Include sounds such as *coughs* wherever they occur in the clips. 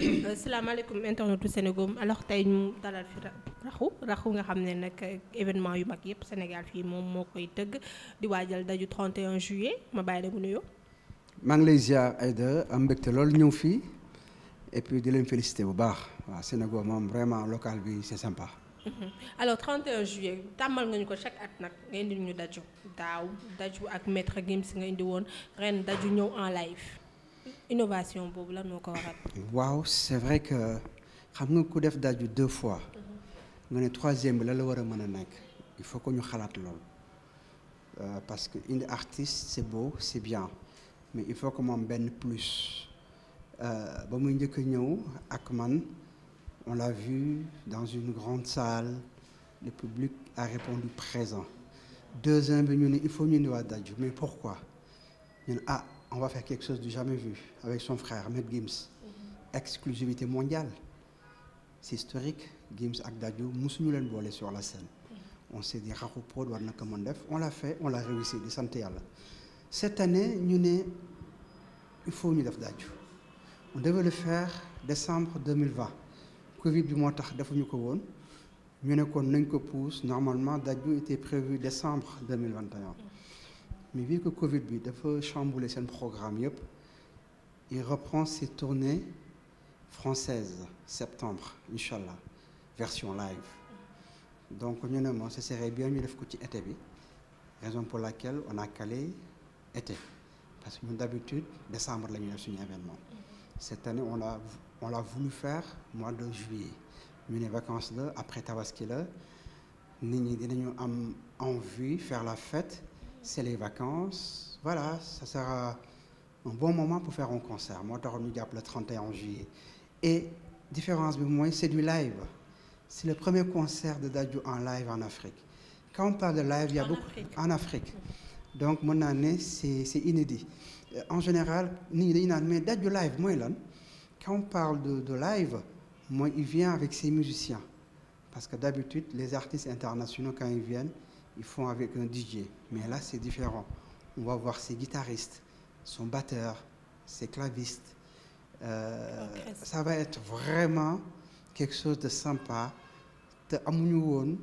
Euh, salaamaaleykum internetu Sénégal alors tey ñu dalal fi raxu raxu nga xam ne nag euh, événement yu mag yëpp Sénégal fii moom moo koy tëgg di waajal daju 31 juillet ma bàyyi la mu nuyoo. maa ngi lay ziar Aïda am mbégte lool ñëw fii et puis di leen félicité bu baax waaw Sénégal moom vraiment local bi c'est sympa. Mm-hmm. alors 31 juillet tàmmal nga ñu ko chaque at nag nga indi ñu daju daaw daju ak maître Gims nga indi woon ren daju ñëw en live. innovation boobu la moo ko waral. waaw c'est vrai que xam nga ku def daaju deux fois. nga ne troisième bi la la war a mën a nekk. il faut que ñu xalaat loolu euh, parce que indi artiste c'est beau c'est bien mais il faut que moom benn plus euh, ba muy njëkk a ñëw ak man on l'a vu dans une grande salle le public a répondu présent deux ans bi ñu ne il faut ñu indiwaat daaju mais pourquoi ñu ne ah. on va faire quelque chose du jamais vu avec son frère Ahmed Gims. Mhm. exclusivité mondiale c'est historique Gims ak Dadju musuñu leen boole sur la scène. Mhm. on s'est dit Rakhou Prod war na ko mën def on l'a fait on l'a réussi di sant yàlla. cette année ñu ne il faut ñu def Dadju on devait le faire décembre 2020 Covid bi moo tax defuñu ko woon ñu ne kon nañ ko pousse normalement Dadju était prévu décembre 2021. mais vu que Covid bi dafa chambouler seen programme yëpp il reprend ses tournées françaises septembre incha allah version live donc ñu ne moom ce bien ñu ko ci été bi raison pour laquelle on a calé été parce que ñun d'habitude décembre la ñuy def suñu événement cette année on l'a on l'a voulu faire mois de juillet ñu ne vacances la après tabaski la nit ñi dinañu am envie faire la fête c'est les vacances voilà ça sera un bon moment pour faire un concert moo taxoon ñu jàpp le 31 juillet et différence bi mooy c'est du live c'est le premier concert de Dadju en live en Afrique quand on parle de live il y a beaucoup en Afrique donc mën naa ne c'est c'est inédit euh, en général nit ñi dañu naan mais Dadju live mooy lan quand on parle de de live mooy il vient avec ses musiciens parce que d'habitude les artistes internationaux quand ils viennent ils font avec un DJ. Mais là, c'est différent. On va voir ses guitaristes, son batteur, ses clavistes. Euh, ça va être vraiment quelque chose de sympa te amuñu woon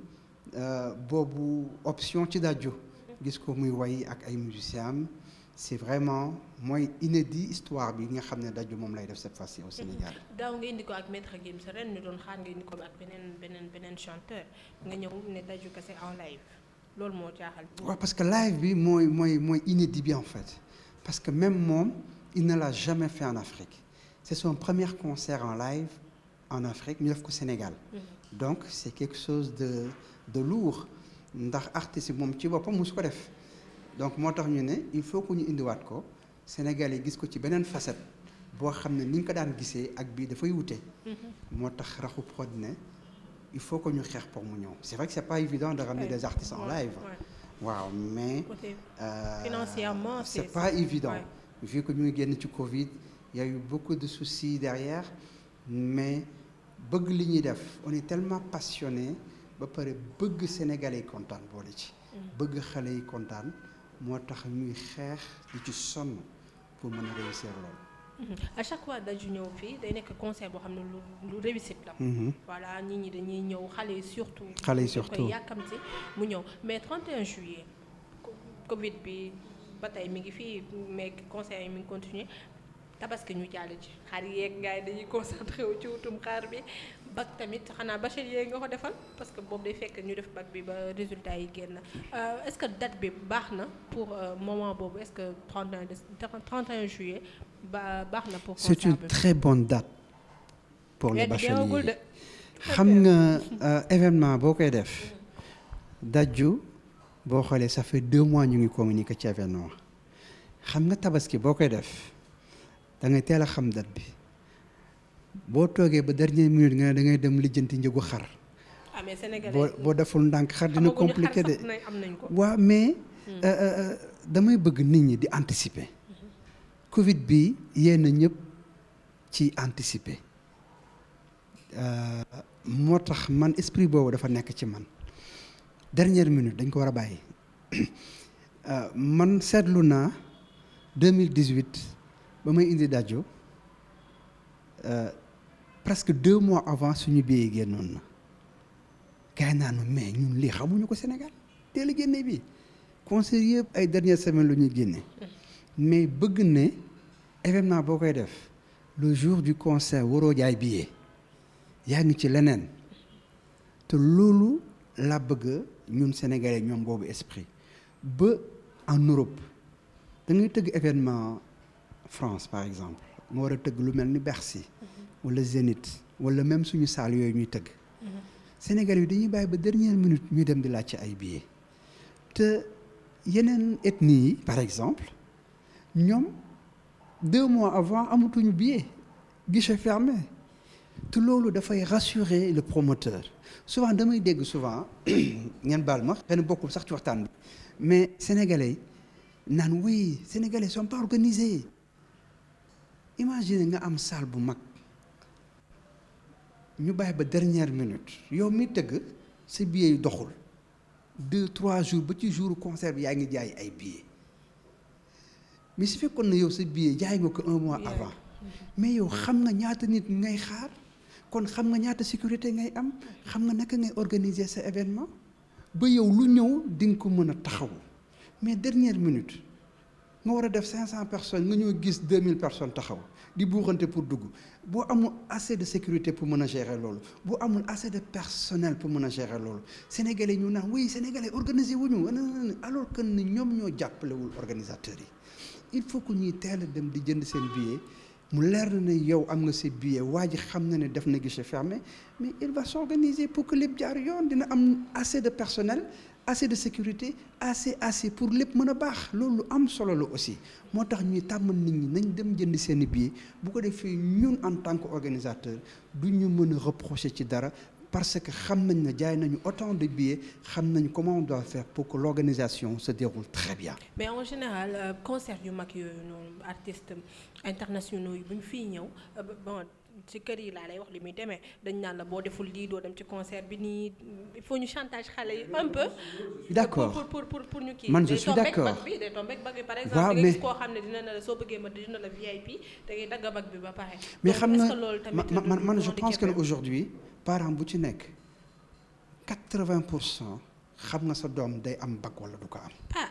euh, boobu option ci dajo gis ko muy way ak ay musiciens am c'est vraiment mooy inédit histoire bi nga xam ne dajo moom lay def cette fois-ci au Sénégal. Mhm. daaw nga indi ko ak maître Gims ren ñu doon xaar nga indi beneen beneen chanteur nga ñëw ne dajo kese en live. loolu moo jaaxal. waaw parce que live bi mooy mooy mooy inédit bi en fait parce que même moom il ne l'a jamais fait en Afrique c'est son premier concert en live en Afrique ñu def ko Sénégal. Mm-hmm. donc c'est quelque chose de de lourd ndax artiste moom ci boppam mosu ko def donc moo tax ñu ne il faut que ñu indiwaat ko Sénégal yi gis ko ci beneen facette boo xam ne ni ñu ko daan gisee ak bii dafay wute. Mm-hmm. moo tax raxu prod ne. il faut que ñu xeex pour mu ñëw c'est vrai que c'est pas évident de ramener des artistes en live waaw mais euh, financièrement c'est pas évident vu que ñu génn ci Covid il y a eu beaucoup de soucis derrière mais bëgg li ñuy def on est tellement passionné ba pare bëgg Sénégalais yi kontaan boole ci mm. bëgg xale yi kontaan moo tax ñuy xeex di ci sonn pour mën a réussir loolu Mm-hmm. à chaque fois daju ñëw fii day nekk conseil boo xam ne lu lu réussite la. Mm-hmm. voilà nit ñi dañuy ñëw xale yi surtout. xale yi surtout koy mu ñëw mais 31 juillet Covid bi ba tey mi ngi fii mais conseil yi mi ngi continuer tabaski ñu jàll ci xar yeeg gars yi dañuy concentré wu ci wutum xaar bi bac tamit xanaa bachel yeeg nga ko defal parce que boobu day fekk ñu def bac bi ba résultat yi génn euh, est-ce que date bi baax na pour euh, moment boobu est-ce que 31 31 juillet. baax na pour c'est dat très bonne date pour les xam nga euh, événement boo koy def dajju boo xoolee ça deux mois ñu ngi communiquer ci événement xam nga tabaski boo koy def da teel a xam date bi boo toogee ba dernière minute nga ne da ngay dem lijjanti njëgu xar. ah boo deful ndànk xar dina compliqué de. waaw mais. Hmm. Euh, euh, damay bëgg nit ñi di anticiper. Covid bi yéen ñëpp ci anticiper euh, moo tax man esprit boobu dafa nekk ci man dernière minute dañ ko war a bàyyi *coughs* euh, man seetlu naa 2018 ba may indi dajo euh, presque deux mois avant suñu billet génnoon na gars yi mais ñun lii xamuñu ko Sénégal teel a génne bi conseil yëpp ay dernière semaine lu ñuy génne. mais bëgg ne événement boo koy def le jour du concert waroo jaay billet yaa ngi ci leneen te loolu la bëgg ñun sénégalais ñoom boobu esprit ba en Europe da ngay tëgg événement France par exemple nga war a tëgg lu mel ni Bercy wala Zénith wala même suñu saal yooyu ñuy tëgg Sénégal yi dañuy bàyyi ba dernière minute ñuy dem di laaj ci ay billets te yeneen ethnie yi par exemple ñoom deux mois avant amatuñu billet guichet fermé te loolu dafay rassurer le promoteur souvent damay dégg souvent *clears throat* ngeen baal ma xëy bokkul sax ci waxtaan bi mais sénégalais naan oui sénégalais sont pas organisés imagine nga am salle bu mag ñu bàyyi ba dernière minute yow mi tëgg sa billet yu doxul deux trois jours ba ci jour concert yaa ngi jaay ay billets mais su fekkoon na yow sa billet jaay nga ko un mois avant mais yow xam nga ñaata nit ngay xaar kon xam nga ñaata sécurité ngay am xam nga naka ngay organiser sa événement ba yow lu ñëw di nga ko mën a taxaw mais dernière minute nga war a def cinq cent personnes nga ñëw gis deux mille personne taxaw di buuxante pour dugg boo amul asset de sécurité pour mën a gérer loolu boo amul assez de personnel pour mën a gérer loolu sénégalais ñu naan oui sénégalais organisé wuñu alors que ñoom ñoo jàppalewul organisateurs yi il faut que ñuy teel dem di jënd seen billet mu leer na ne yow am nga sa billet waaj xam na ne def na guichet fermé mais il va s'organiser pour que lépp jaar yoon dina am assez de personnel assez de sécurité assez assez pour lépp mën a baax loolu lu am solo la aussi moo tax ñuy tàmmal nit ñi nañ dem jënd seen i billet bu ko defee ñun en tant que organisateur du ñu mën a xëpp reprocher ci dara parce que xam nañ ne jaay nañu autant de billets xam nañu comment on doit faire pour que l'organisation se déroule très bien. mais en général euh, concert yu mag yooyu noonu artistes internationaux yi bu fiy ñëw euh, ci kër yi laa lay wax li muy demee dañ naan la boo deful lii doo dem ci concert bi nii il faut ñu chantage xale yi un peu. d'accord pour pour pour ñu kii. man je suis d'accord par exemple. waaw mais koo xam ne dina na la soo bëggee ma dina la dagg bag bi ba pare. mais xam na man man man je pense que aujourd'hui parent bu ci nekk 80 pour cent xam nga sa doom day am bag wala du ko am. ah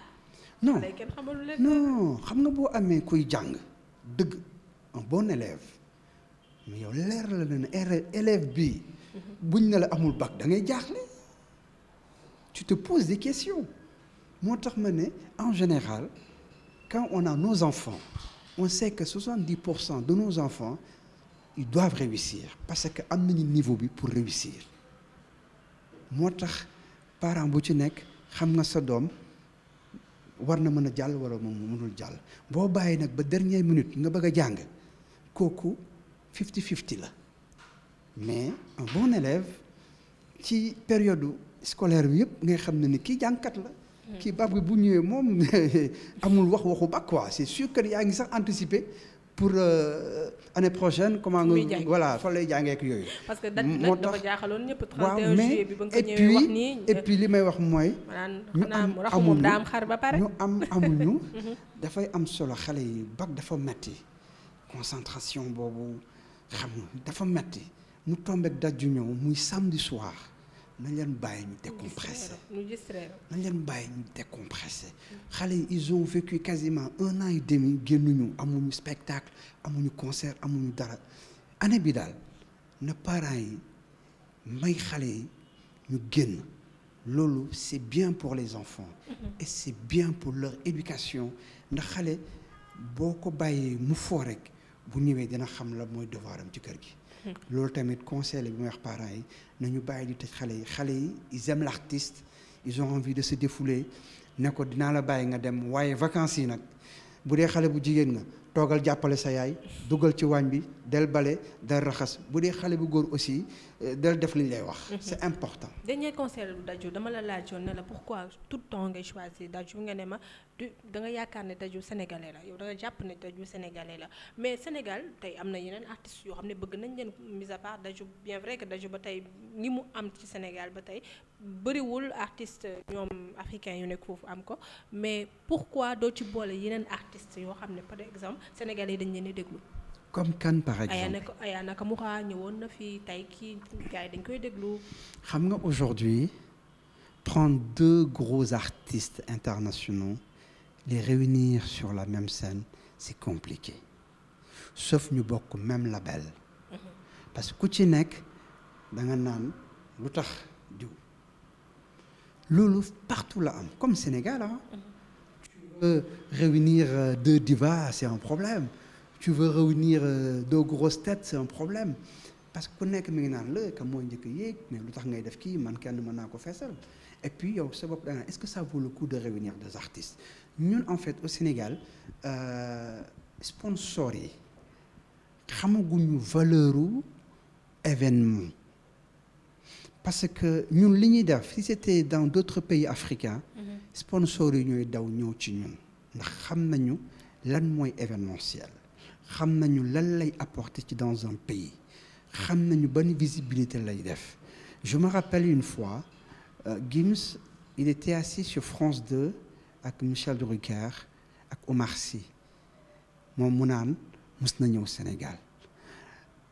non non xam nga boo amee kuy jàng dëgg un bon élève. mais yow leer la ne élève bi buñ ne la amul bac da ngay jaaxle tu te poses des questions moo tax ma ne en général quand on a nos enfants on sait que 70 pour cent de nos enfants ils doivent réussir parce que am nañu niveau bi pour réussir moo tax parent bu ci nekk xam nga sa doom war na mën a jàll wala moom mënul jàll boo bàyyi nag ba dernière minute nga bëgg a jàng kooku fifty fifty la mais un bon élève ci période scolaire bi yëpp ngay xam ne ni kii jànkat la. Hmm. kii bac bi bu ñëwee moom *laughs* amul wax waxu bac quoi c'est sûr que yaa ngi sax anticiper pour euh, année prochaine comment nga. voilà fa lay jàngee ak yooyu. parce que date bi dafa jaaxaloon ñëpp. 31 juillet bi ba nga wax nii et euh, puis li may ñu am amuñu ñu am amuñu. dafay am solo xale yi bac dafa metti concentration boobu. xam nga dafa metti mu tombeek ju ñëw muy samedi soir nañ leen bàyyi ñu décompressé nañ leen bàyyi ñu décompressé xale yi ils ont vécu quasiment un an et demi génnuñu amuñu spectacle amuñu concert amuñu dara année bi daal na parents yi may xale yi ñu génn loolu c'est bien pour les enfants mhm. et c'est bien pour leur éducation ndax xale boo ko bàyyee mu foo rek bu ñëwee dina xam la mooy devoir am ci kër gi. loolu tamit conseil la bi may wax parents yi nañu bàyyi di tëj xale yi xale yi ils aiment l'artiste ils ont envie de se défouler ne ko dinaa la bàyyi nga dem waaye vacance yi nag bu dee xale bu jigéen nga. toogal jàppale sa yaay dugal ci waañ bi del bale del raxas bu dee xale bu góor aussi eh, del def li lay wax. Mhm. c'est important. dernier conseil lu dama la laajoon ne la pourquoi tout le temps ngay choisir daju nga ne ma danga yaakaar ne daju sénégalais la yow da jàpp ne daju sénégalais la mais Sénégal tey am na yeneen artistes yoo xam ne bëgg nañ leen mise à part daju bien vrai que daju ba tey ni mu am ci Sénégal ba tey bëriwul artistes ñoom africains yu nekk foofu am ko mais pour quoi doo ci boole yeneen artistes yoo xam ne par exemple. yi dañ leen di déglu. comme kan par exemple Aya Nakamura woon na fi tey kii gars yi dañ koy déglu. xam nga aujourd'hui prendre deux gros artistes internationaux les réunir sur la même scène c'est compliqué sauf ñu bokk même label. Mhm. parce que ku ci nekk da nga naan lu tax diw loolu partout la am comme Sénégal ah. mhm. veux réunir euh, deux divas, c'est un problème. Tu veux réunir euh, deux grosses têtes, c'est un problème. parce que ku nekk mi ngi naan la que moo njëkk a yéeg mais lu tax ngay def kii man kenn mën naa ko feesal et puis yow sa bopp da nga est-ce que ça vaut le coup de réunir des artistes ñun en fait au Sénégal euh, sponsors yi xamaguñu valeur u événement parce que ñun li ñuy def si c'était dans d'autres pays africains mhm. sponsors yi ñooy daw ñëw ci ñun ndax xam nañu lan mooy événementiel xam nañu lan lay apporter ci dans un pays xam nañu ban visibilité lay def je me rappelle une fois euh, Gims il était assis sur France 2 ak Michel Drucker ak Omar Sy moom mu naan mës Sénégal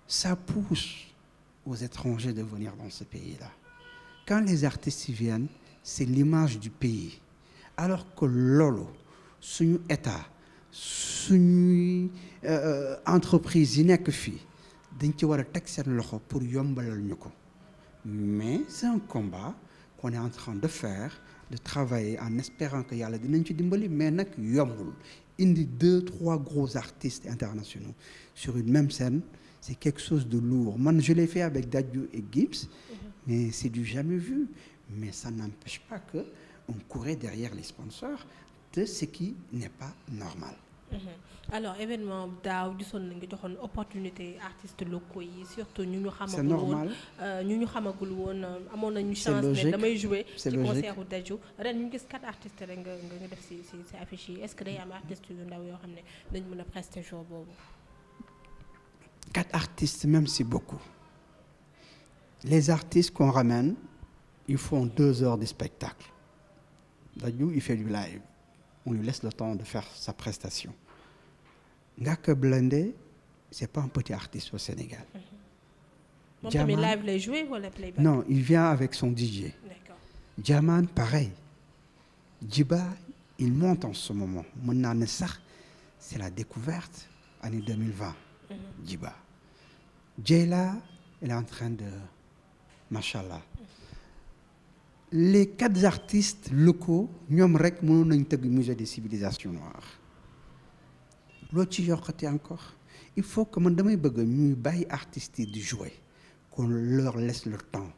ça pousse aux étrangers de venir dans ce pays-là. Quand les artistes viennent, c'est l'image du pays. Alors que lolo, suñu état suñuy euh, entreprise yi nekk fii dañ ci war a teg seen loxo pour yombalal ñu ko mais c'est un combat qu'on est en train de faire de travailler en espérant que yàlla dinañ ci dimbali mais nag yombul indi deux trois gros artistes internationaux sur une même scène c'est quelque chose de lourd man je l'ai fait avec Dadju et Gibbs mhm. mais c'est du jamais vu mais ça n'empêche pas que on courait derrière les sponsors de ce qui n'est pas normal mhm. alors événement daaw gisoon nañu joxoon opportunité artistes locaux yi surtout ñu ñu. c'est normal xamagul woon euh, ñu ñu xamagul woon euh, amoon nañu chance. ne damay jouer ci concert u Dadju ren ñu gis quatre artistes rek nga nga def si si si affiche yi est-ce que day am artistes yu ndaw yoo xam ne dañ mën a prester jour boobu. quatre artistes, même si beaucoup. Les artistes qu'on ramène, ils font deux heures de spectacle. Dadju, il fait du live. On lui laisse le temps de faire sa prestation. Ngaka Blindé, c'est pas un petit artiste au Sénégal. Mm -hmm. Jaman, live les jouer ou les playback Non, il vient avec son DJ. Jaman, pareil. Djiba, il monte en ce moment. Mon c'est la découverte, année 2020. Mhm. Djiba Dieyla elle est en train de machallah les quatre artistes locaux ñoom rek mënoon nañ tëgg musée des civilisations noires loo ci yokkati encore il faut que man damay bëgg ñuy bàyyi artistes yi di jouer qu'on leur laisse le temps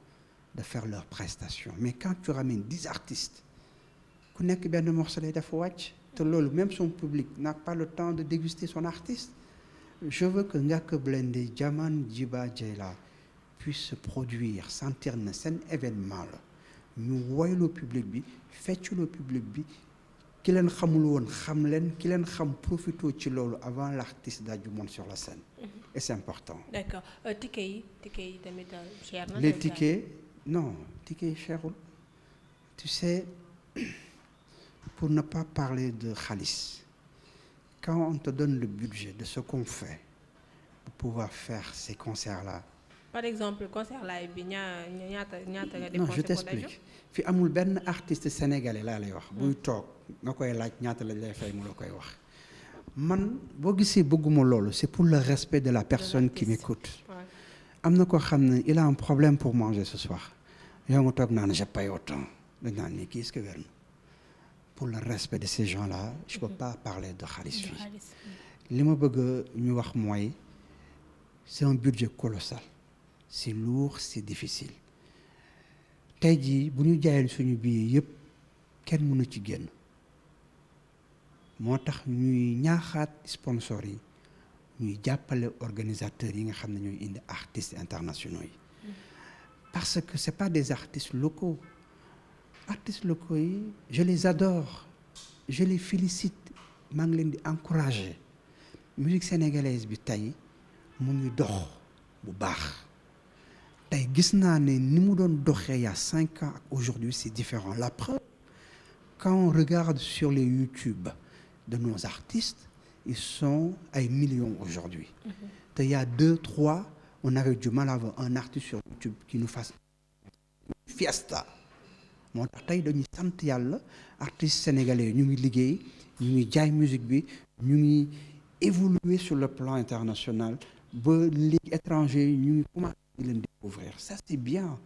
de faire leurs prestation mais quand tu ramènes dix artistes ku nekk benn morceau lay dafa wàcc te loolu même son public n'a pas le temps de déguster son artiste je veux que Ngaaka Blindé Diamane Djiba Dieyla puisse se produire na seen événement la ñu woyloo public bi fecculoo public bi ki leen xamul woon xam leen ki leen xam profito ci loolu avant l'artiste daal di monter sur la scène. Mhm. et c'est important. d'accord euh, ticket yi ticket yi tamit euh, cher na. les tickets non ticket yi cherul tu sais *clears throat* pour ne pas parler de xaalis. quand on te donne le budget de ce qu'on fait pour pouvoir faire ces concerts-là. par exemple concert live bi ñaa ñaata ñaata nga. non fi amul benn artiste sénégalais lay wax. buy hmm. toog nga koy laaj ñaata lañ lay fay mu la koy wax. man boo gisee bëgguma loolu c'est pour le respect de la personne qui m'écoute. am na koo xam ne il a un problème pour manger ce soir. yow nga toog naan je paye autant dañ naan mais qui est-ce que pour le respect de ces gens-là je peux mm-hmm. pas parler de xaalis fii li ma bëgg ñu wax mooy c'est un budget colossal c'est lourd c'est difficile tey jii bu ñu jaayee suñu billet yëpp kenn mënu ci génn moo tax ñuy ñaaxaat sponsors yi ñuy jàppale organisateurs yi nga xam ne ñooy indi artistes internationaux yi mm-hmm. parce que c'est pas des artistes locaux artistes locaux yi je les adore je félicite maa ngi leen di encourager musique sénégalaise bi tey mu ngi dox bu baax tey gis naa ne ni mu doon doxee il cinq ans ak aujourd'hui c'est différent la preuve quand on regarde sur les YouTube de nos artistes ils sont ay millions aujourd'hui mhm. te il deux trois on avait du mal à un artiste sur YouTube qui nous fasse fiesta moo tax tey dañuy sant yàlla artistes sénégalais ñu ngi liggéey ñu ngi jaay musique bi ñu ngi évoluer sur le plan international ba ligue étranger ñu ngi commencé di leen découvrir ça c'est bien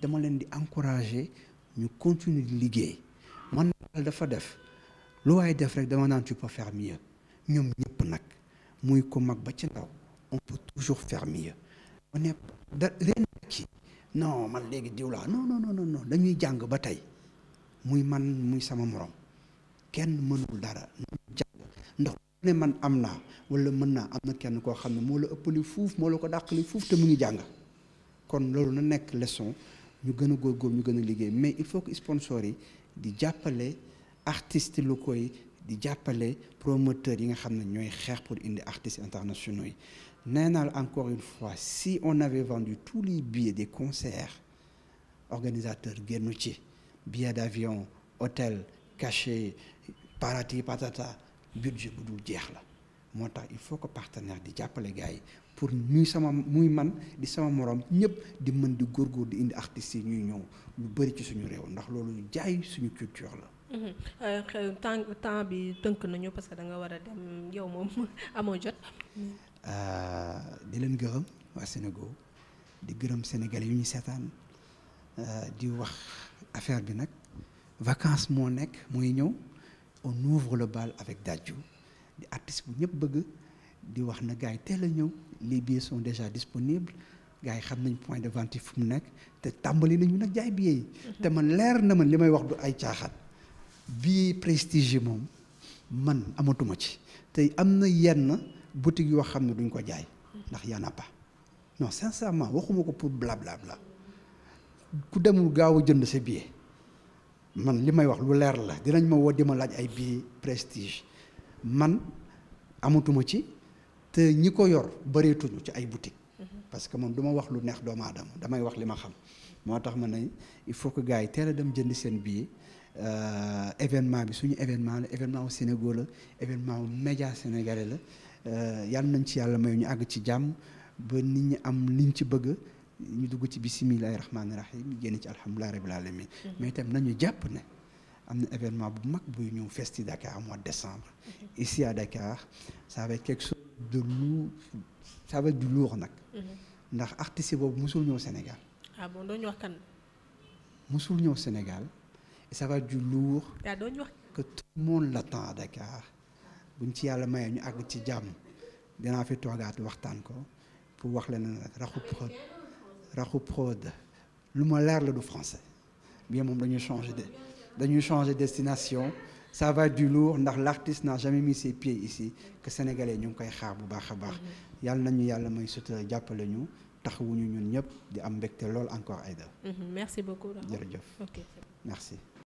dama leen di encourager ñu continuer di liggéey man daal dafa def lu waaye def rek dama naan tu peux faire mieux ñoom ñëpp nag muy ko mag ba ci ndaw on peut toujours faire mieux non man léegi diw laa non non non non dañuy jàng ba tey muy man muy sama morom kenn mënul dara jàng ndax ne man am naa wala mën naa am na kenn koo xam ne moo la ëppali fuuf moo la ko dàqali fuuf te mu ngi jàng kon loolu na nekk leçon ñu gën a góor ñu gën a liggéey mais il faut que sponsors yi di jàppale artistes lu koy di jàppale promoteurs yi nga xam ne ñooy xeex pour indi artistes internationaux yi nee naa la encore une fois si on avait vendu tous les billets des concerts organisateurs génnu ci billet d'avion hôtel cachet parati patata budget bu dul jeex la moo tax il faut que partenaire di jàppale gars yi pour muy sama muy man di sama morom ñëpp di mën di góorgóor di indi artistes yi ñuy ñëw lu bëri ci suñu réew ndax loolu jaay suñu culture la. Mm-hmm. Euh, temps temps bi tënk nañu parce que da nga war a dem yow moom *laughs* amoo jot. Euh, di leen gërëm waa Sénégal di gërëm sénégalais yu ñuy seetaan euh, di wax affaire bi nag vacance moo nekk mooy ñëw on ouvre le bal avec Dadju di artiste bu ñëpp bëgg di wax na gars yi teel a ñëw les billets sont déjà disponibles gars yi xam nañ point de vente yi fu mu nekk te tàmbali nañu nag jaay bi yi. Mm-hmm. te man leer na man li may wax du ay caaxaan. billet prestige moom man amatuma ci tey am na yenn. boutique yoo xam ne duñ ko jaay ndax y en a pas non sincèrement waxuma ko pour blabla la ku demul gaaw a jënd sa billet man li may wax lu leer la dinañ ma woo di laaj ay billet prestige man amatuma ci te ñi ko yor bëreetuñu ci ay boutique parce que man du wax lu neex doomu aadama damay wax li ma xam moo tax ma ne il faut que gars yi teel a dem jënd seen billet euh, événement bi suñu événement la événement wu Sénégal événement wu média sénégalais la Euh, yàlla nañ ci yàlla may ñu àgg ci jàmm ba nit ñi am liñ ci bëgg ñu dugg ci bisimilahi rahmaani rahim génn ci alhamdulilahi rabil alamin mm-hmm. mais itam nañu jàpp ne am na événement bu mag buy ñëw festi Dakar mois de décembre mm-hmm. ici à Dakar ça quelque chose de lourd ça va être du lourd nag mm-hmm. ndax artiste boobu musul ñëw Sénégal ah bon doo ñu wax kan musul ñëw Sénégal et ça va être du lourd ah, que tout le monde l'attend à Dakar buñ ci yàlla mayee ñu àgg ci jàmm dinaa fi toogaat waxtaan ko pour wax leen nag raxu prod raxu prod lu ma leer la du français bien moom dañuy changer de dañuy changer destination ça va du lourd ndax l'artiste n'a jamais mis ses pieds ici que sénégalais ñu ngi koy xaar bu baax a baax mm-hmm. yàlla nañu yàlla may sutura jàppale ñu taxawuñu ñun ñëpp di am mbégte lool encore Aïda mm-hmm. merci beaucoup